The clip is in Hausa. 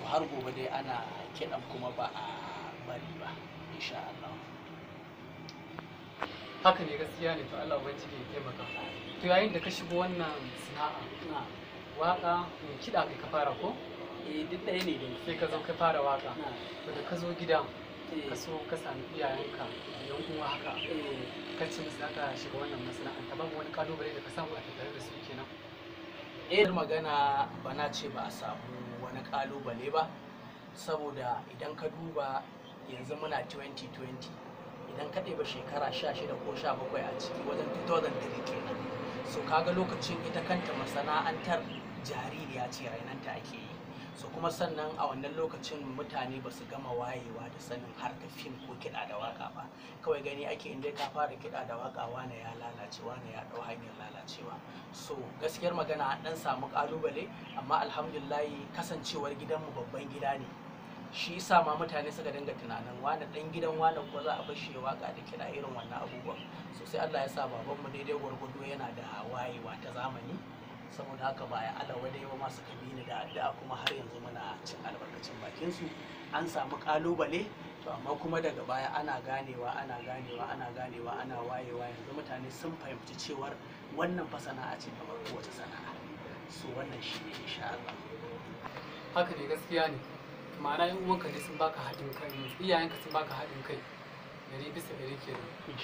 so har gobe dai ana kiɗan kuma ba a bari ba insha Allah haka ne gaskiya ne to Allah ubangiji ke taimaka to yayin da ka shigo wannan sana'a waka kiɗa kai ka fara ko eh duk ɗaya ne dai sai ka zo ka fara waka to da ka zo gida eh. ka so ka sami iyayenka yan uwa haka eh. ka ci musu aka shiga wannan ta babu wani kalubale da ka samu a tattare da su kenan eh magana ba na ce ba a samu wani kalubale ba saboda idan ka duba yanzu muna 2020 idan ka ɗeba shekara 16 ko 17 a ciki wajen 2003 kenan so kaga lokacin ita kanta masana'antar jaririya ce rainanta ake yi so kuma sannan a wannan lokacin mutane ba su gama wayewa da sanin harka fim ko kiɗa da waka ba kawai gani ake inda ka fara kiɗa da waka wane ya lalace wane ya ɗau hanyar lalace so gaskiyar magana dan samu kalubale amma alhamdulillahi kasancewar gidanmu babban gida ne shi yasa ma mutane suka dinga tunanin wani dan gidan wani ko za a bar shi waka da kira irin wannan abubuwan so sai Allah ya sa babanmu daidai gwargwado yana da wayewa ta zamani saboda haka ba ya alawa da yawa masu kabini da da kuma har yanzu muna cin albarkacin bakin su an samu kalubale to amma kuma daga baya ana ganewa ana ganewa ana ganewa ana wayewa yanzu mutane sun fahimci cewar wannan fa sana'a ce kamar kowace sana'a so wannan shi ne insha Allah haka ne gaskiya ne ma'ana yan uwanka ne sun baka haɗin kai iyayenka sun baka haɗin kai gari bisa gari kenan